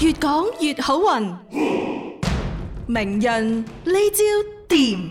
越講越好運，明潤呢招掂。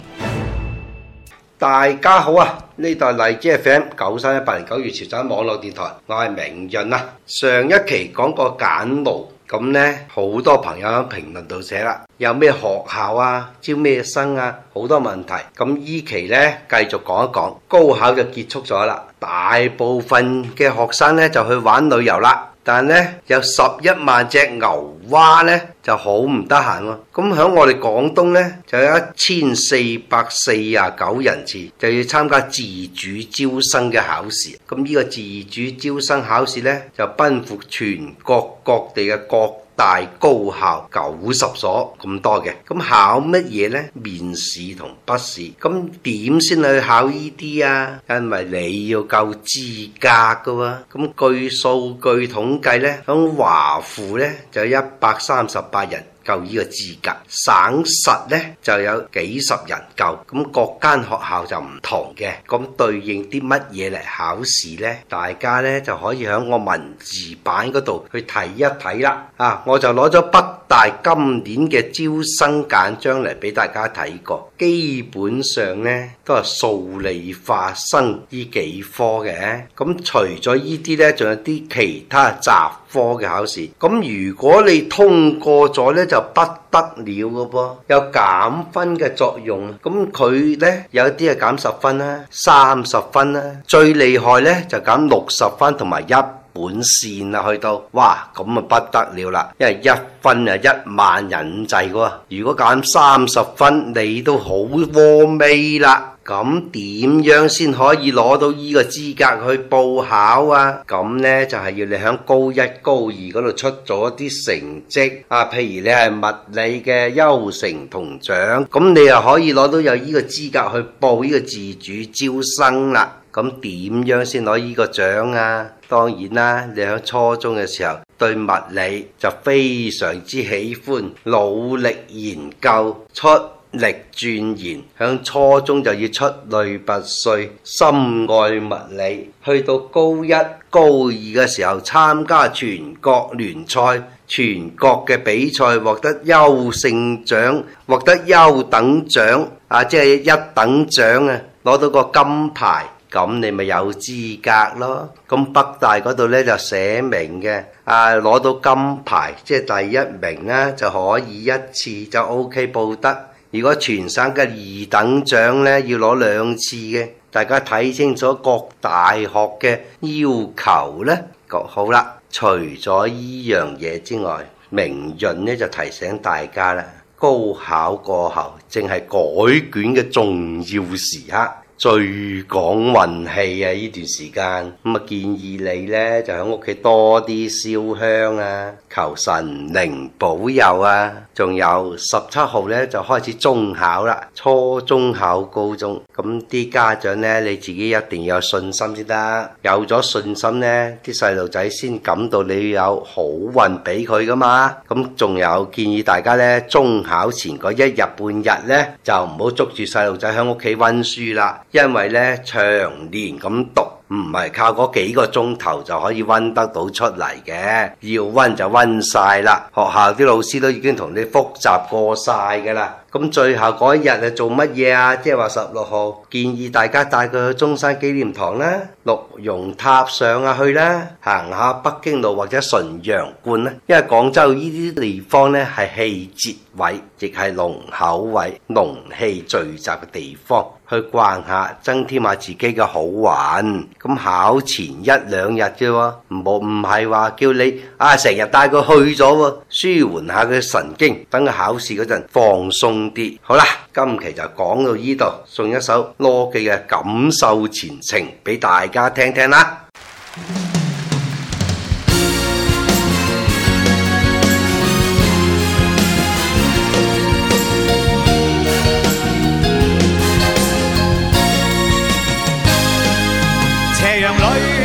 大家好啊，呢度荔枝 FM 九三一八零九月潮州網絡電台，我係明潤啊。上一期講過簡路，咁呢，好多朋友喺評論度寫啦，有咩學校啊，招咩生啊，好多問題。咁依期呢，繼續講一講，高考就結束咗啦，大部分嘅學生呢，就去玩旅遊啦。但係咧有十一萬隻牛蛙咧就好唔得閒喎，咁喺我哋廣東咧就有一千四百四十九人次就要參加自主招生嘅考試，咁呢個自主招生考試咧就奔赴全國各地嘅各大高校九十所咁多嘅，咁考乜嘢呢？面試同筆試，咁點先去考呢啲啊？因為你要夠資格噶喎、啊，咁據數據統計呢，咁華附呢，就有一百三十八人。夠呢個資格，省實呢就有幾十人夠，咁各間學校就唔同嘅，咁對應啲乜嘢嚟考試呢？大家呢就可以喺我文字版嗰度去睇一睇啦。啊，我就攞咗筆。但今年嘅招生簡章嚟俾大家睇過，基本上呢都係數理化生呢幾科嘅。咁除咗呢啲呢，仲有啲其他雜科嘅考試。咁如果你通過咗呢，就不得，得了嘅噃，有減分嘅作用。咁佢呢有啲係減十分啦，三十分啦，最厲害呢就減六十分同埋一。本線啦，去到哇咁啊不得了啦，因為一分就一萬人制喎。如果揀三十分，你都好過味啦。咁點樣先可以攞到呢個資格去報考啊？咁呢，就係、是、要你喺高一、高二嗰度出咗啲成績啊。譬如你係物理嘅優成同獎，咁你又可以攞到有呢個資格去報呢個自主招生啦。咁點樣先攞呢個獎啊？當然啦，你喺初中嘅時候對物理就非常之喜歡，努力研究，出力鑽研。喺初中就要出類拔萃，深愛物理。去到高一、高二嘅時候，參加全國聯賽、全國嘅比賽，獲得優勝獎，獲得優等獎啊！即係一等獎啊！攞到個金牌。咁你咪有資格咯。咁北大嗰度咧就寫明嘅，啊，攞到金牌即係第一名啊，就可以一次就 OK 報得。如果全省嘅二等獎咧要攞兩次嘅，大家睇清楚各大學嘅要求咧。好啦，除咗依樣嘢之外，明潤咧就提醒大家啦，高考過後正係改卷嘅重要時刻。最講運氣啊！呢段時間咁啊，建議你咧就喺屋企多啲燒香啊，求神靈保佑啊！仲有十七號咧就開始中考啦，初中考高中。咁啲家長呢，你自己一定要有信心先得啊，有咗信心呢，啲細路仔先感到你有好運俾佢噶嘛。咁仲有建議大家呢，中考前嗰一日半日呢，就唔好捉住細路仔喺屋企溫書啦，因為呢長年咁讀唔係靠嗰幾個鐘頭就可以溫得到出嚟嘅，要溫就溫晒啦。學校啲老師都已經同你複習過晒㗎啦。咁最後嗰一日係做乜嘢啊？即係話十六號建議大家帶佢去中山紀念堂啦、六榕塔上啊去啦，行下北京路或者純陽觀啦。因為廣州呢啲地方呢係氣節位，亦係龍口位、龍氣聚集嘅地方，去逛下，增添下自己嘅好玩。咁考前一兩日啫喎，唔好唔係話叫你啊成日帶佢去咗舒緩下佢嘅神經，等佢考試嗰陣放鬆。好啦，今期就講到呢度，送一首羅技嘅《錦繡前程》俾大家聽聽啦。斜陽裏。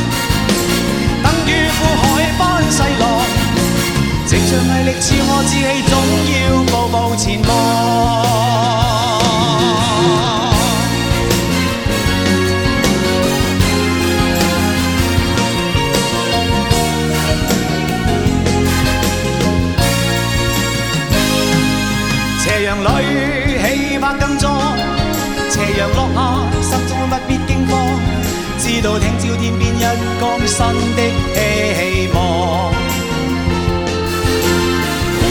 著毅力，自我志氣，總要步步前望。斜陽裏氣魄更壯，斜陽落下，心中不必驚慌，知道聽朝天邊一光新的希望。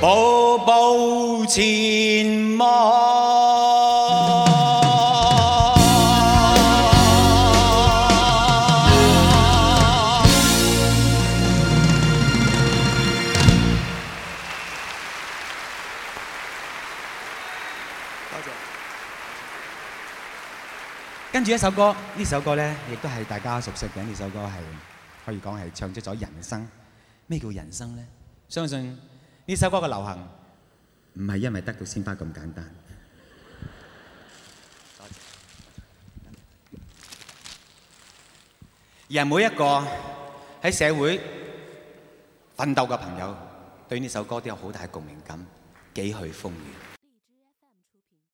步步前望。多謝。跟住一首歌，呢首歌咧，亦都係大家熟悉嘅。呢首歌係可以講係唱出咗人生。咩叫人生咧？相信。呢首歌嘅流行唔係因為得到鮮花咁簡單，而係每一個喺社會奮鬥嘅朋友對呢首歌都有好大共鳴感。幾許風雨？